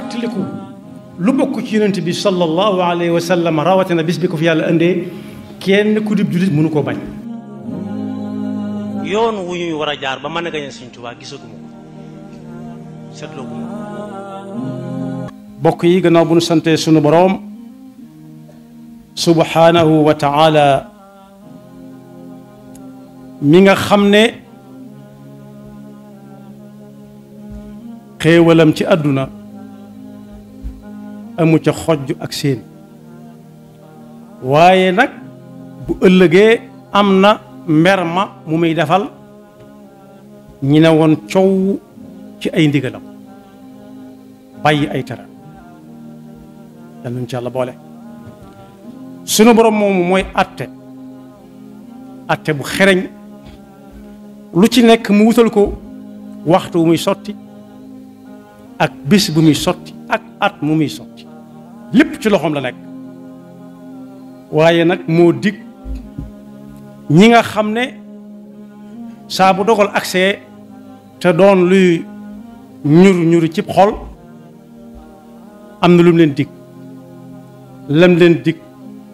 fàttaliku lu bokk ci yonent bi sallallahu alayhi wa sallam rawatina bis bi ko fi yàlla indee kenn ku dib jullit mënu koo bañ. yoon wu ñuy war a jaar ba mën a gañe Sëñ Tuubaa gisaguma ko seetlooguma ko. bokk yi gannaaw bu nu santee sunu boroom subhaanahu wa taala mi nga xam ne xéewalam ci àdduna amu ca xoj ak seen waaye nag bu ëllëgee am na mber ma mu muy defal ñi ne woon coow ci ay ndigalam bàyyi ay tëral yàlla nañ ci yàlla boole sunu borom moomu mooy atte atte bu xereñ lu ci nekk mu wutal ko waxtu bu muy sotti ak bis bu muy sotti ak at mu muy sotti lépp ci loxoom la nekk waaye nag moo dikk ñi nga xam ne saa bu dogal accès te doon luy ñur ñuri cib xol am na lu leen dig lam leen dikk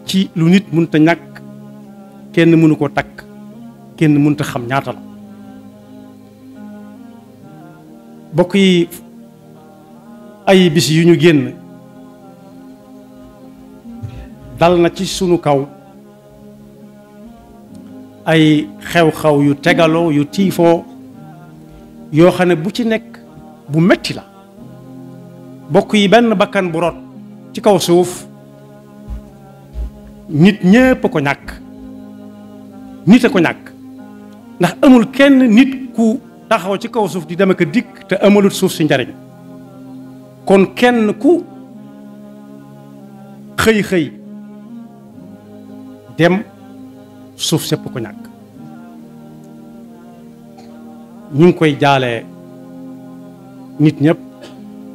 ci lu nit mënta ñàkk kenn mënu ko takk kenn mënta xam ñaata la bokk yi ay bis yu ñu génn dal na ci sunu kaw ay xew-xew yu tegaloo yu tiifoo yoo xam ne bu ci nekk bu metti la bokk yi benn bakkan bu rot ci kaw suuf nit ñépp a ko ñàkk nit a ko ñàkk ndax amul kenn nit ku taxaw ci kaw suuf di dem a ko dikk te amalut suuf si njariñ kon kenn ku xëy xëy dem suuf sépp ko ñàkk ñu ngi koy jaale nit ñëpp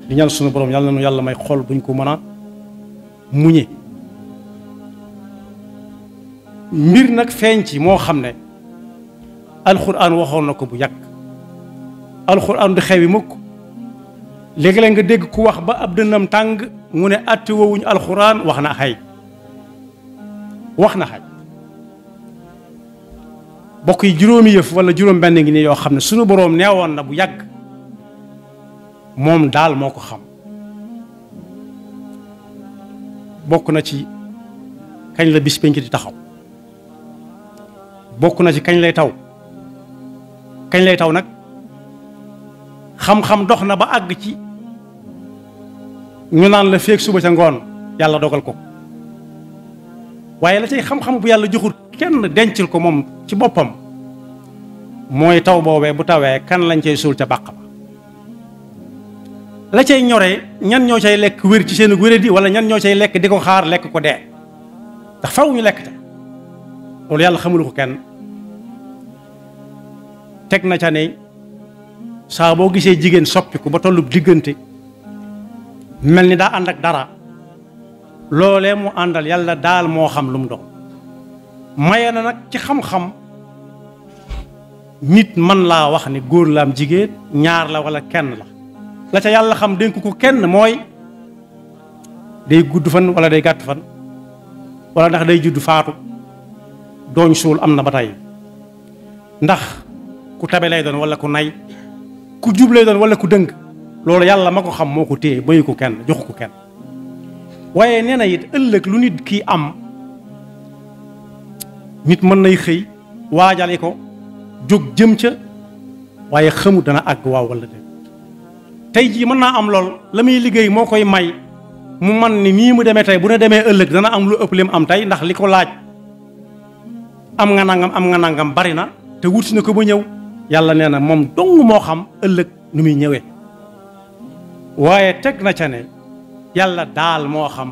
di ñaan sunu borom yàlla na nu yàlla may xol buñ ko mën a muñe mbir nag feeñ ci moo xam ne alxuraan waxoon na ko bu yàgg alxuraan du xewi mukk léegi nga dégg ku wax ba ab dënnam tàng mu ne àtte woowuñu alxuraan wax na xay wax na xaj bokk yi juróomi yëf wala juróom benn ngi nii yoo xam ne sunu boroom nee woon na bu yàgg moom daal moo ko xam bokk na ci kañ la bis penc di taxaw bokk na ci kañ lay taw kañ lay taw nag xam-xam dox na ba àgg ci ñu naan la feeg suba ca ngoon yàlla dogal ko waaye la cay xam-xam bu yàlla joxul kenn dencil ko moom ci boppam mooy taw boobee bu tawee kan lañ cay suul ca bàq ba la cay ñoree ñan ñoo cay lekk wér ci seen wéré di wala ñan ñoo cay lekk di ko xaar lekk ko dee ndax faw ñu lekk te loolu yàlla xamul kenn teg na ca ne saa boo gisee jigéen soppiku ba tollu diggante mel ni daa ànd ak dara loole mu àndal yàlla daal moo xam lu mu doon maye na nag ci xam-xam nit man laa wax ni góor la am jigéen ñaar la wala kenn la la ca yàlla xam dénk ko kenn mooy day gudd fan wala day gàtt fan wala ndax day judd faatu dooñ suul am na ba tey ndax ku tabe lay doon wala ku nay ku jub lay doon wala ku dënk loolu yàlla ma ko xam moo ko téye bayu ko kenn joxu ko kenn waaye nee na it ëllëg lu nit kii am nit mën nay xëy waajale ko jóg jëm ca waaye xamu dana àgg waaw wala de tey jii mën naa am lool la muy liggéey moo koy may mu man ni nii mu demee tey bu ne demee ëllëg dana am lu ëpp lim am tey ndax li ko laaj am nga nangam am nga nangam bari na te wuti na ko ba ñëw yàlla nee na moom dong moo xam ëllëg nu muy ñëwee waaye teg na ca ne yàlla daal moo xam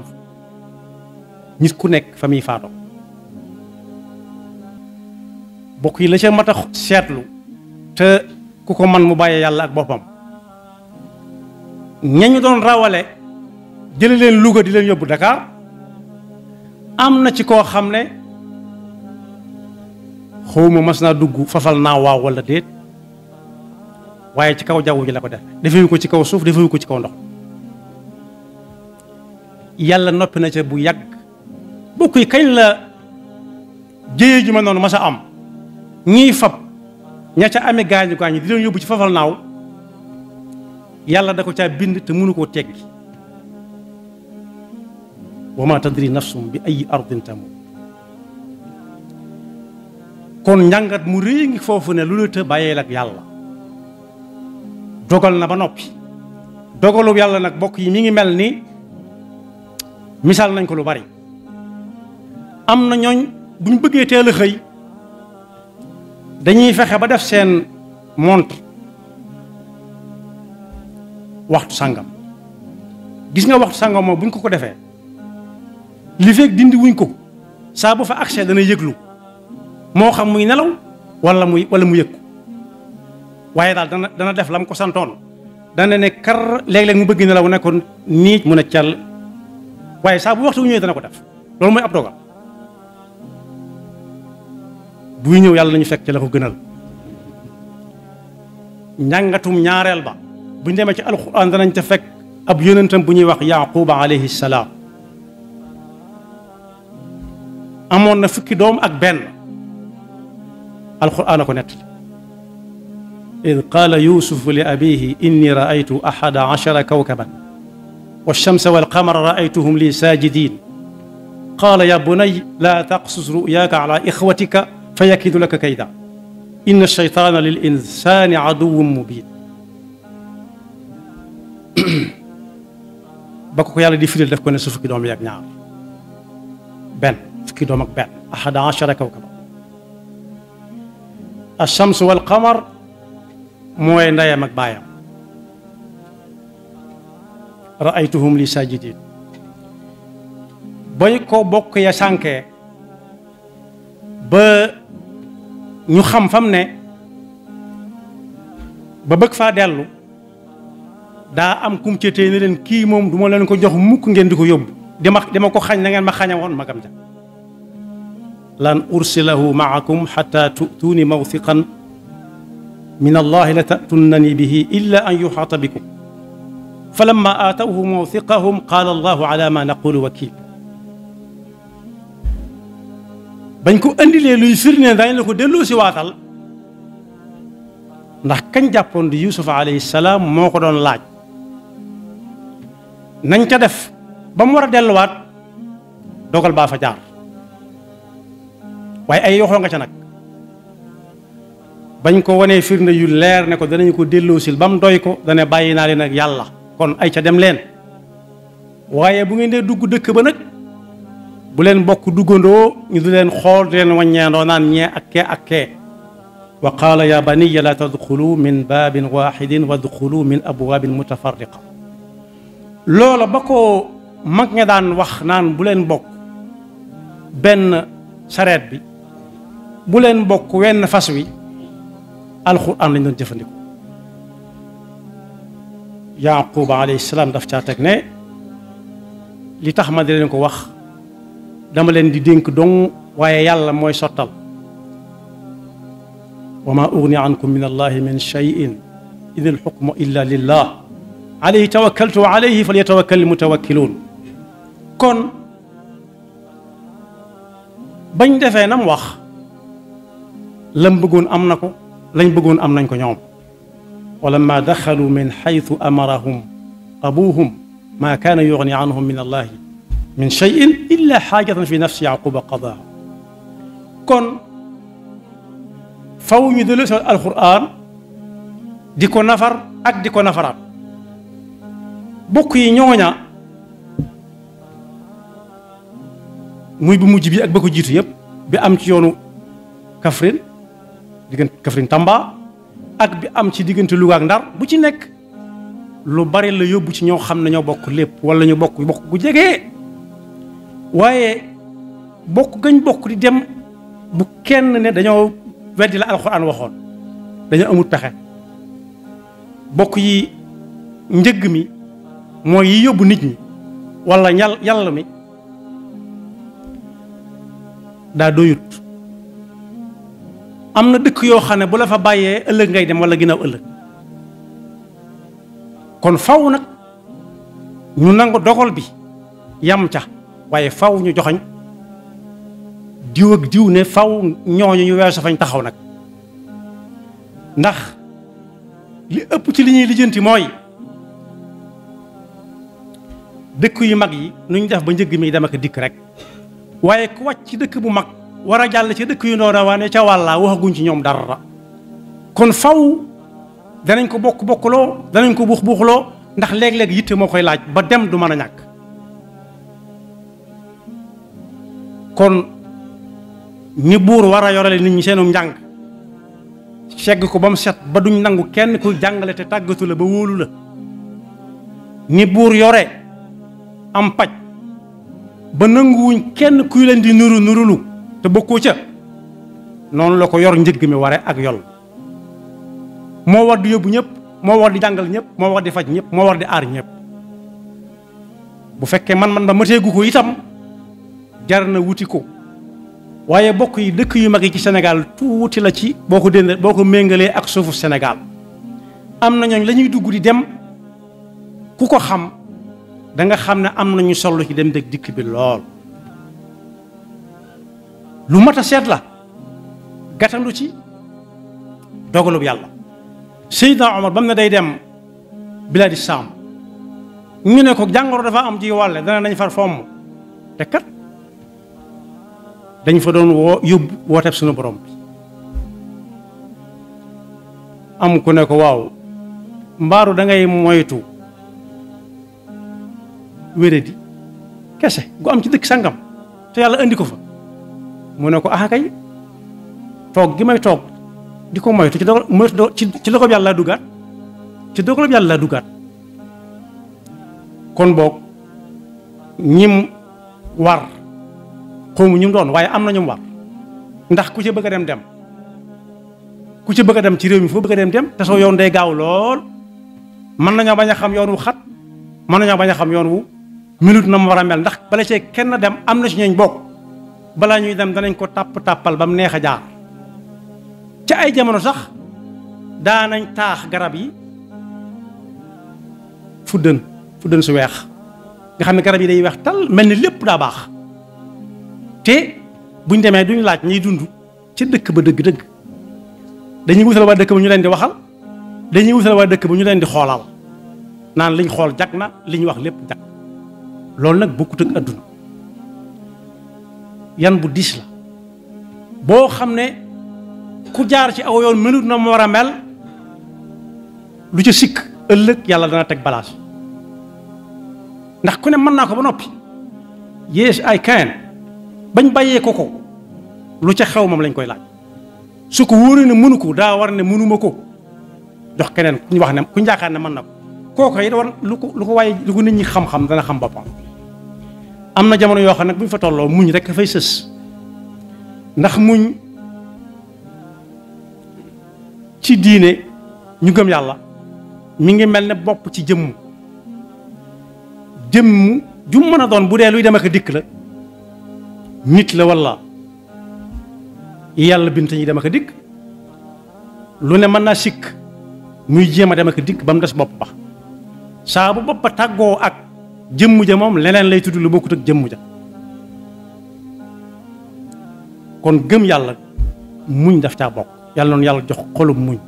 nit ku nekk fa muy faatoo bokk yi la ca mat seetlu te ku ko man mu bàyyee yàlla ak boppam ñañu doon rawale jële leen Louga di leen yóbbu Dakar am na ci koo xam ne xawma mas naa dugg fafal naa waaw wala déet waaye ci kaw jaww ji la ko def defewu ko ci kaw suuf defewu ko ci kaw ndox yàlla noppi na ca bu yàgg bokk yi kañ la jéye ju ma noonu am ñiy fab ña ca amee gaañu gaañu di leen yóbbu ci fafal naaw yàlla da ko ca bind te mënu koo teggi wa ma tadri bi ay ardin tamu kon njàngat mu rëy ngi foofu ne lu la të bàyyeel ak yàlla dogal na ba noppi dogalu yàlla nag bokk yi mi ngi mel ni misaal nañ ko lu bari am na ñooñ buñ bëggee teel a xëy dañuy fexe ba def seen montre waxtu sangam gis nga waxtu sàngam moom buñ ko ko defee li fekk dindi wuñ ko saa bu fa accès dana yëglu moo xam muy nelaw wala muy wala mu yëg waaye daal dana dana def lam ko santoon dana ne kar léeg-léeg mu bëgg nelaw ne ko nii mu ne cel waaye saa bu waxtu wu ñëwee dana ko def loolu mooy ab dogal buy ñëw yàlla nañu fekk ci la ko gënal njàngatum ñaareel ba buñ demee ci alxuraan danañ ca fekk ab yonentam bu ñuy wax yaquba alayhi salaam amoon na fukki doom ak benn alquran a ko nett إذ قال يوسف لأبيه إني رأيت أحد عشر كوكبا والشمس والقمر رأيتهم لي ساجدين قال يا بني لا تقصص رؤياك على إخوتك فيكيد لك كيدا إن الشيطان للإنسان عدو مبين بكو يالا دي فيل داف كو نسو فكي دوم ياك نيار بن فكي دومك بن 11 كوكب الشمس والقمر موين نداي ماك بايام ra'aytuhum li sajidin bay ko bok ya sanke ba ñu xam fam ne ba bëgg fa delu da am kum ci teene len ki mom duma len ko jox mukk ngeen diko yob dama ko xagn na ngeen ma won magam ja lan ursilahu maakum hatta tu'tuni mawthiqan min allahi la ta'tunnani bihi illa an yuxaata bikum فلما آتوه موثقهم قال الله على ما نقول وكيل بنكو اندي لي لوي سيرني داي لوكو ديلو سي واتال ناخ كان جابون دي يوسف عليه السلام موكو دون لاج نانتا ديف بام ورا ديلوات دوغال با فا جار واي اي يوخو nga ci nak bagn ko woné firna yu leer ne ko danañ ko delo kon ay ca dem leen waaye bu ngeen dee dugg dëkk ba nag bu leen bokk duggandoo ñu di leen xool di leen waññeendoo naan ñee ak kee ak kee wa qaala ya baniya la tadxulu min baabin waxidin wadxulu min abwaabin mutafarriqa loola ba ko mag nga daan wax naan bu leen bokk benn sareet bi bu leen bokk wenn fas wi alxuraan lañ doon jëfandikoo yaquba alayhi salaam daf caa teg ne li tax ma di leen ko wax dama leen di dénk dong waaye yàlla mooy sottal wa ma ugni ankum min allahi min cheyin in alxukmu illa lillah alayhi tawakkaltu wa alayhi falyatawakkal almutawakkiluun kon bañ defee nam wax lam bëggoon am na ko lañ bëggoon am nañ ko ñoom ولما دخلوا من حيث امرهم ابوهم ما كان يغني عنهم من الله من شيء الا حاجه في نفس يعقوب قضاها كن فو يدلس القران ديكو نفر اك ديكو نفر بوكي نيونيا موي بو اك بكو جيتو ييب بي كفرين كفرين تامبا ak bi am ci diggante Louga ak Ndar bu ci nekk lu bari la yóbbu ci ñoo xam nañoo bokk lépp wala ñu bokk bokk gu jege waaye bokk gañ bokk di dem bu kenn ne dañoo weddi la alxuraan waxoon dañoo amul pexe bokk yi njëgg mi mooy yi yóbbu nit ñi walla ñal yàlla mi daa doyut am na dëkk yoo xam ne bu la fa bàyyee ëllëg ngay dem wala ginnaaw ëllëg kon faw nag ñu nangu dogal bi yam ca waaye faw ñu joxañ diw ak diw ne faw ñooñu ñu weesu fañ taxaw nag ndax li ëpp ci li ñuy lijjanti mooy dëkk yu mag yi nu ñu def ba njëg mi dem ko dikk rek waaye ku wàcc ci dëkk bu mag war a jàll ci dëkk yu ndoona waane ca wàllaa waxaguñ ci ñoom dara kon faw danañ ko bokk bokkuloo danañ ko buux buuxloo ndax léeg-léeg yitte moo koy laaj ba dem du mën a ñàkk kon ñi buur war a yorale nit ñi seenum njàng segg ko ba mu set ba duñ nangu kenn ku jàngale te tàggatu la ba wóolu la ñi buur yore am paj ba nanguwuñ kenn kuy leen di nuru nurulu te bokkoo ca non la ko yor njëg mi ware ak yol mo war di yóbbu ñep mo war di jangal ñep mo war di faj ñep mo war di ar ñep bu fekke man man ba mateegu ko itam jar na wuti ko waye bokk yi dekk yu magi ci senegal tu wuti la ci boko den boko mengale ak sofu senegal am na lañuy dugg di dem ku xam da nga xamne amna am nañu ci dem dëkk dik bi lool lu mat a seet la gàttandu ci dogalub yàlla Seydina Omar ba mu ne day dem biladi saam ñu ne ko jàngoro dafa am ci wàlle dana nañ far fomm te kat dañ fa doon woo yóbbu wooteeb suñu borom bi am ku ne ko waaw mbaaru da ngay moytu wéradi kese gu am ci dëkk sangam te yàlla andi ko fa mu ne ko ah kay toog gi may toog di ko moytu ci dogal moytu ci ci dogal yàlla laa duggaat ci dogal yàlla laa duggaat kon boog ñim war xawma ñum doon waaye am na mu war ndax ku ci bëgg a dem dem ku ci bëgg a dem ci réew mi foo bëgg a dem dem te soo yoon day gaaw lool mën nañoo bañ a xam yoon wu xat mën nañoo bañ a xam yoon wu minute na mu war a mel ndax bala cee kenn dem am na si ñooñ bokk balaa ñuy dem danañ ko tàpp tàppal ba mu neex a jaar ci ay jamono sax daanañ taax garab yi fuddën fuddën su weex nga xam ne garab yi day weex tal mel ni lépp daa baax te buñ demee duñ laaj ñiy dund ci dëkk ba dëgg-dëgg dañuy wutal waa dëkk ba ñu leen di waxal dañuy wutal waa dëkk ba ñu leen di xoolal naan liñ xool jag na liñ wax lépp jag loolu nag bokkut ak yan bu diis la boo xam ne ku jaar ci aw yoon mënut na mu war a mel lu ci sikk ëllëg yàlla dana teg balaas ndax ku ne mën naa ko ba noppi yees ay kayan bañ bàyyee ko ko lu ca xew moom lañ koy laaj su ko wóoree ne mënu ko daa war ne mënuma ko jox keneen ku ñu wax ne ku ñu ne mën na ko kooku it war lu ko lu ko waaye lu ko nit ñi xam-xam dana xam boppam. am na jamono yoo xam nag bu ñu fa tolloo muñ rek fay sës ndax muñ ci diine ñu gëm yàlla mi ngi mel ne bopp ci jëmm jëmm ju mën a doon bu dee luy dem ak dikk la nit la walla yàlla bint ñi dem ak dikk lu ne mën naa sikk muy jéem a dem ak dikk ba mu des bopp ba saa bopp ba tàggoo ak jëmm ja moom leneen lay tudd lu bokkut ak jëmm ja kon gëm yàlla muñ daf caa bokk yàlla noonu yàlla jox xolum muñ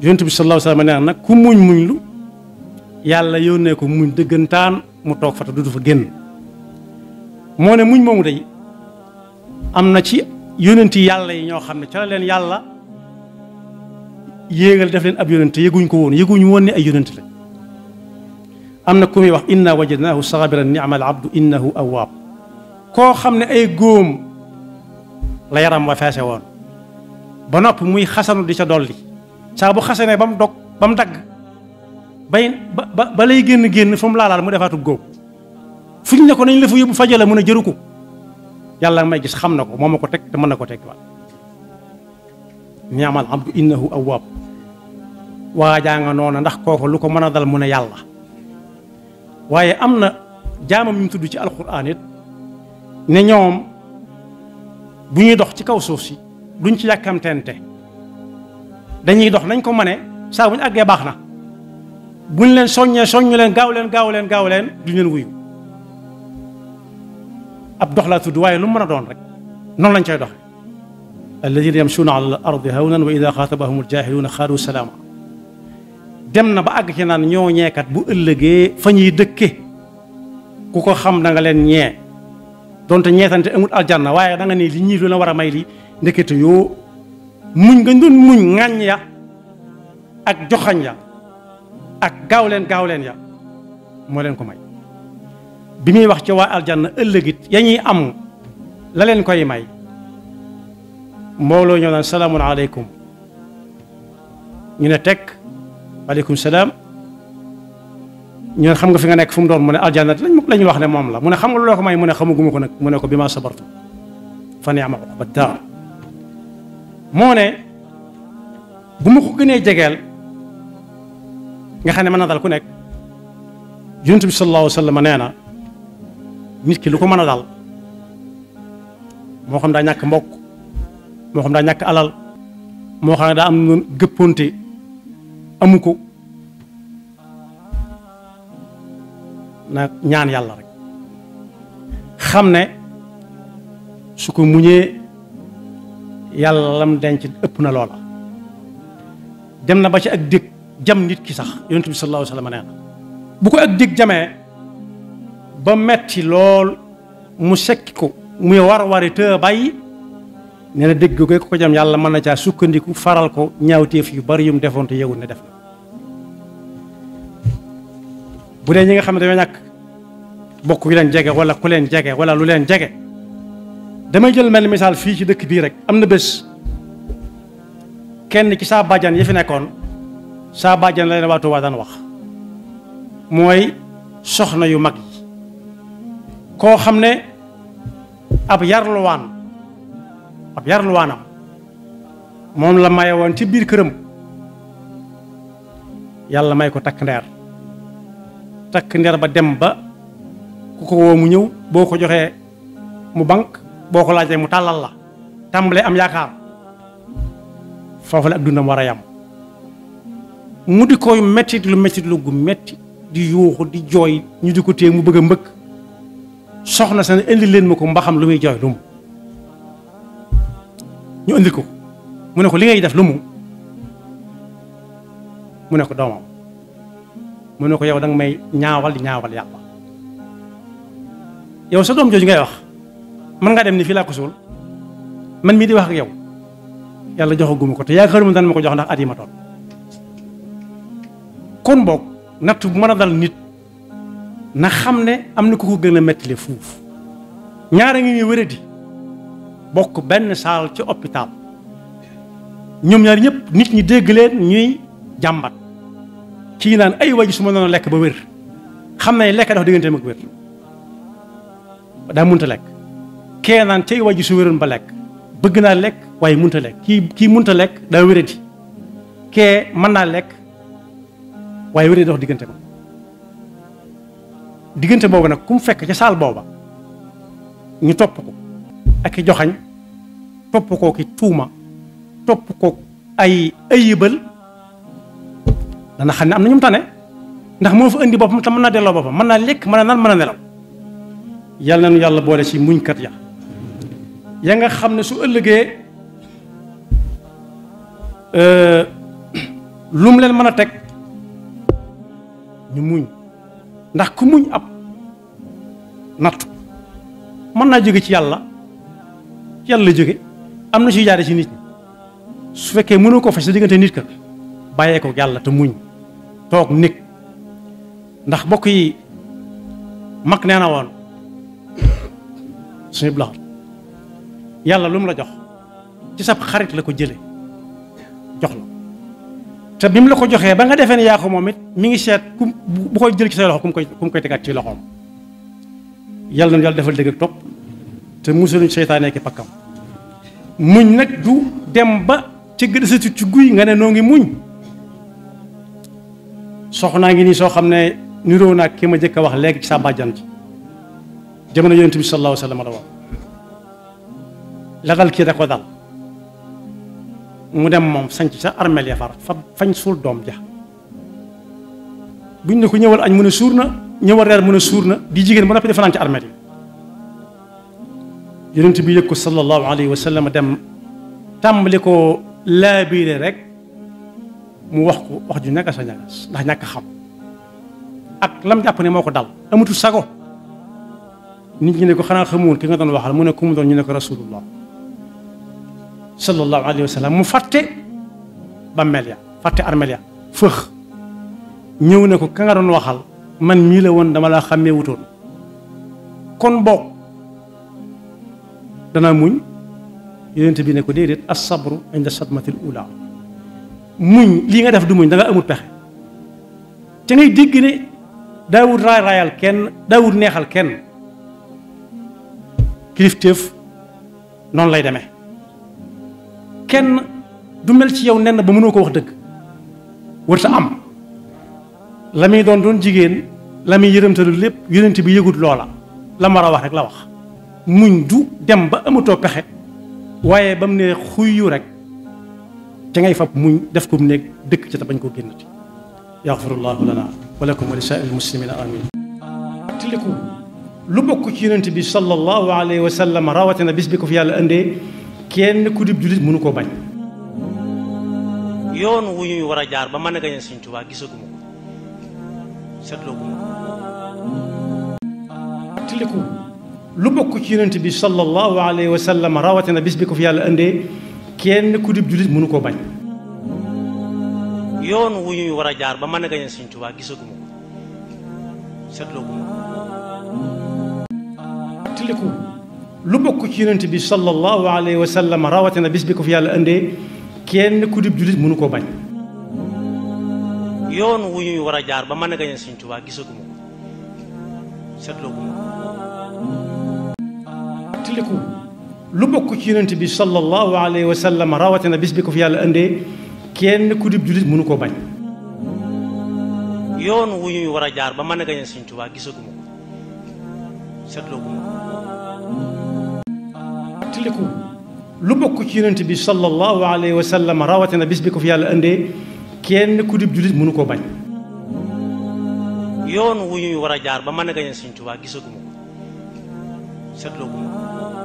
yonent bi sallallahu alayhi wasallam nee nag ku muñ muñ lu yàlla yónnee ko muñ dëggantaan mu toog fa te du fa génn moo ne muñ moomu day am na ci yonent yàlla yi ñoo xam ne ca leen yàlla yéegal def leen ab yonent yëguñ ko woon yëguñ woon ne ay yonent la am na ku muy wax inna wajadnaahu sabiran ni'mal abdu innahu awwaab koo xam ne ay góom la yaram wa feese woon ba nopp muy xasanu di ca dolli saa bu xasanee ba mu dog ba mu dagg bay ba ba lay génn génn fu mu laalaal mu defaatu góob fu ñu ne ko nañ la fa yóbbu faje la a jëru ko yàlla may gis xam na ko moom ma ko teg te mën na ko teg waat ni'mal abdu innahu awwaab waajaa nga noona ndax kooku lu ko mën a dal mun a yàlla waaye am na jaamam yim tudd ci alquran it ne ñoom bu ñuy dox ci kaw suuf si duñ ci yàkkamtente dañuy dox nañ ko mane saa bu ñu àggee baax na buñ leen soññee soññu leen gaaw leen gaaw leen gaaw leen du leen wuyu ab dox laa tudd waaye lu mën a doon rek noonu lañ cay dox alladina yamsuuna ala al ardi hawnan wa ida xaatabahum aljahiluuna xaalu salaama dem na ba àgg ci naan ñoo ñeekat bu ëllëgee fa ñuy dëkke ku ko xam da leen ñee doonte ñeetante amul aljanna waaye da nga ne li ñii lu la war a may li ndekete yoo muñ nga doon muñ ŋàññ ya ak joxañ ya ak gaaw leen gaaw leen ya moo leen ko may bi muy wax ci waa aljanna ëllëgit yañuy ñuy am la leen koy may mbooloo ñoo naan salaamun aleykum ñu ne tekk waaleykum salaam ñu ne xam nga fi nga nekk fu mu doon mu ne aljanna lañ wax ne moom la mu ne xam nga loo ko may mu ne xamaguma ko nag mu ne ko bi ma sabartu fa ni'ma uqba daar moo ne bu ma ko gënee jegeel nga xam ne mën na dal ku nekk Yonent bi sallallahu alayhi wa sallam nee na nit ki lu ko mën a dal moo xam daa ñàkk mbokk moo xam daa ñàkk alal moo xam ne daa am gëpponte amu ko na ñaan yàlla rek xam ne su ko muñee yàlla lam denc ëpp na loola dem na ba ci ak dég jam nit ki sax yonent bi sallallahu alayhi wasallam bu ko ak dég jamee ba metti lool mu sekki ko muy war wari te bàyyi nee dégg googu ko jam yàlla mën na caa sukkandiku faral ko ñaawteef yu bari yu mu defoon te yëgul ne def na bu dee ñi nga xam ne dañoo ñàkk bokk yu leen jege wala ku leen jege wala lu leen jege damay jël mel ni misaal fii ci dëkk bii rek am na bés kenn ci saa bàjjan yi fi nekkoon saa bàjjan la leen waa daan wax mooy soxna yu mag yi koo xam ne ab yarluwaan ab yar waanam moom la maye woon ci biir këram yàlla may ko takk ndeer takk ndeer ba dem ba ku ko woo mu ñëw boo ko joxee mu bank boo ko laajee mu tàllal la tàmbalee am yaakaar foofu la ak dundam war a yam mu di koy mettit lu mettit lu gu metti di yuuxu di jooy ñu di ko téye mu bëgg mbëkk soxna sa ne indi leen ma ko mbaxam lu muy jooy lu ñu indil ko mu ne ko li ngay def lu mu mu ne ko doomam mu ne ko yow danga may ñaawal di ñaawal yàlla yow sa doom jooju ngay wax mën ngaa dem ni fii laa suul man mii di wax ak yow yàlla joxaguma ko te yaakaaruma daan ma ko jox ndax at yi ma toll kon boog natt bu mën a dal nit na xam ne am na ku ko gën a mettile fuuf ñaara ngi ñuy wéradi bokk benn saal ci hôpital ñoom ñaar ñëpp nit ñi dégg leen ñuy jàmbat kii naan ay waji su ma noonu lekk ba wér xam nañ lekk dafa digganteem ak wér daa munta lekk kee naan cay waji su wéroon ba lekk bëgg naa lekk waaye munta lekk kii kii munta lekk daa wéradi kee mën naa lekk waaye wéradi dox diggante ko diggante boobu nag ku fekk ca saal booba ñu topp ko ak joxañ topp koo ki tuuma topp ko ay ay ayibal dana xam ne am na ñu mu tane ndax moo fa indi boppam te mën naa delloo boppam mën naa lekk mën naa naan mën a nelaw yàlla nañu yàlla boole ci muñkat ya ya nga xam ne su ëllëgee euh, lum mu leen mën a teg ñu muñ ndax ku muñ ab natt mën naa jóge ci yàlla ci yàlla la jóge am na ciy jaare ci nit ñi su fekkee mënoo ko faj sa diggante nit ka bàyyee ko yàlla te muñ toog nekk ndax mbokk yi mag nee na woon suñu blaxat yàlla lu mu la jox ci sab xarit la ko jële jox la te bi mu la ko joxee ba nga defee ne yaa ko moom it mu ngi seet ku bu koy jël ci say loxo ku mu koy ku mu koy tegaat ci loxoom yàlla na yàlla defal dëgg topp te musaluñ seytaane ki pakkam muñ nag du dem ba ci gëdësatu ci guy nga ne noo ngi muñ soxnaa ngi nii soo xam ne niroo naa ki ma jëkk a wax léegi ci sa bàjjan jamono yonent bi sa alayhi wa sallam la dal kii da ko dal mu dem moom sanc sa armeel ya far fa fañ suul doom ja buñ ne ko ñëwal añ mën a suur na ñëwal reer mën a suur na di jigéen ba noppi di fanaan ci armeel yi yonent bi yëg ko sallallahu alayhi wa sallam dem tàmbali ko laabiire rek mu wax ko wax ju ñagas a ñagas ndax ñàkk xam ak lam jàpp ne moo ko dal amatu sago nit ñi ne ko xanaa xamuwoon ki nga doon waxal mu ne ku mu doon ñu ne ko rasulullah sallallahu alayhi wa sallam mu fàtte bàmmeel ya fàtte armeel ya fëx ñëw ne ko ka nga doon waxal man mii la woon dama laa xàmmee wutoon kon boog dana muñ yonent bi ne ko dedet as sabr inda sadmati al ula muñ li nga def du muñ da nga amul pexe ci ngay deg ne dawud ray rayal ken dawud neexal ken kriftef non lay deme ken du mel ci yow nenn ba mëno ko wax dëgg wërta am la don don jigen jigéen la muy yërëmtalu lépp yonent bi yëgut lola la mu wax rek la wax muñ du dem ba amatoo pexe waaye ba mu ne xuyyu rek ca ngay fab muñ def ko mu nekk dëkk ca te bañ koo génnati yaxfirullahu lana wa lakum li saa'il muslimina amin lu bokk ci yonent bi sallallahu alayhi wa sallam na bis bi ko fi yàlla indee kenn ku dib julit mënu koo bañ yoon wu ñuy war a jaar ba mën a gañe Sëñ Tuubaa gisaguma ko seetlooguma ko atliku lu bokk ci yonent bi sallallahu alayhi wa sallam rawatina bis bi ko fi yàlla indee kenn ku dib jullit mënu koo bañ. yoon wu ñuy war a jaar ba mën a gañe Sëñ Tuubaa gisaguma ko seetlooguma ko. tiliku lu bokk ci yonent bi sallallahu alayhi wa sallam rawatina bis bi ko fi yàlla indee kenn ku dib jullit mënu koo bañ. yoon wu ñuy war jaar ba mën a Sëñ Tuubaa gisaguma ko seetlooguma ko. fatlikou lu bokku ci yonenti bi sallallahu alayhi wa sallam rawatina bis bi ko fi yàlla ande kenn ku dib julit mënu ko bañ. yoon wu ñuy wara jaar ba man gañe seigne touba gisaguma ko seetlooguma ko. fatlikou lu bokku ci yonenti bi sallallahu alayhi wa sallam rawatina bis bi ko fi yàlla ande kenn ku dib julit mënu ko bañ. yoon wu ñuy wara jaar ba man gañe seigne touba gisaguma ko สลุป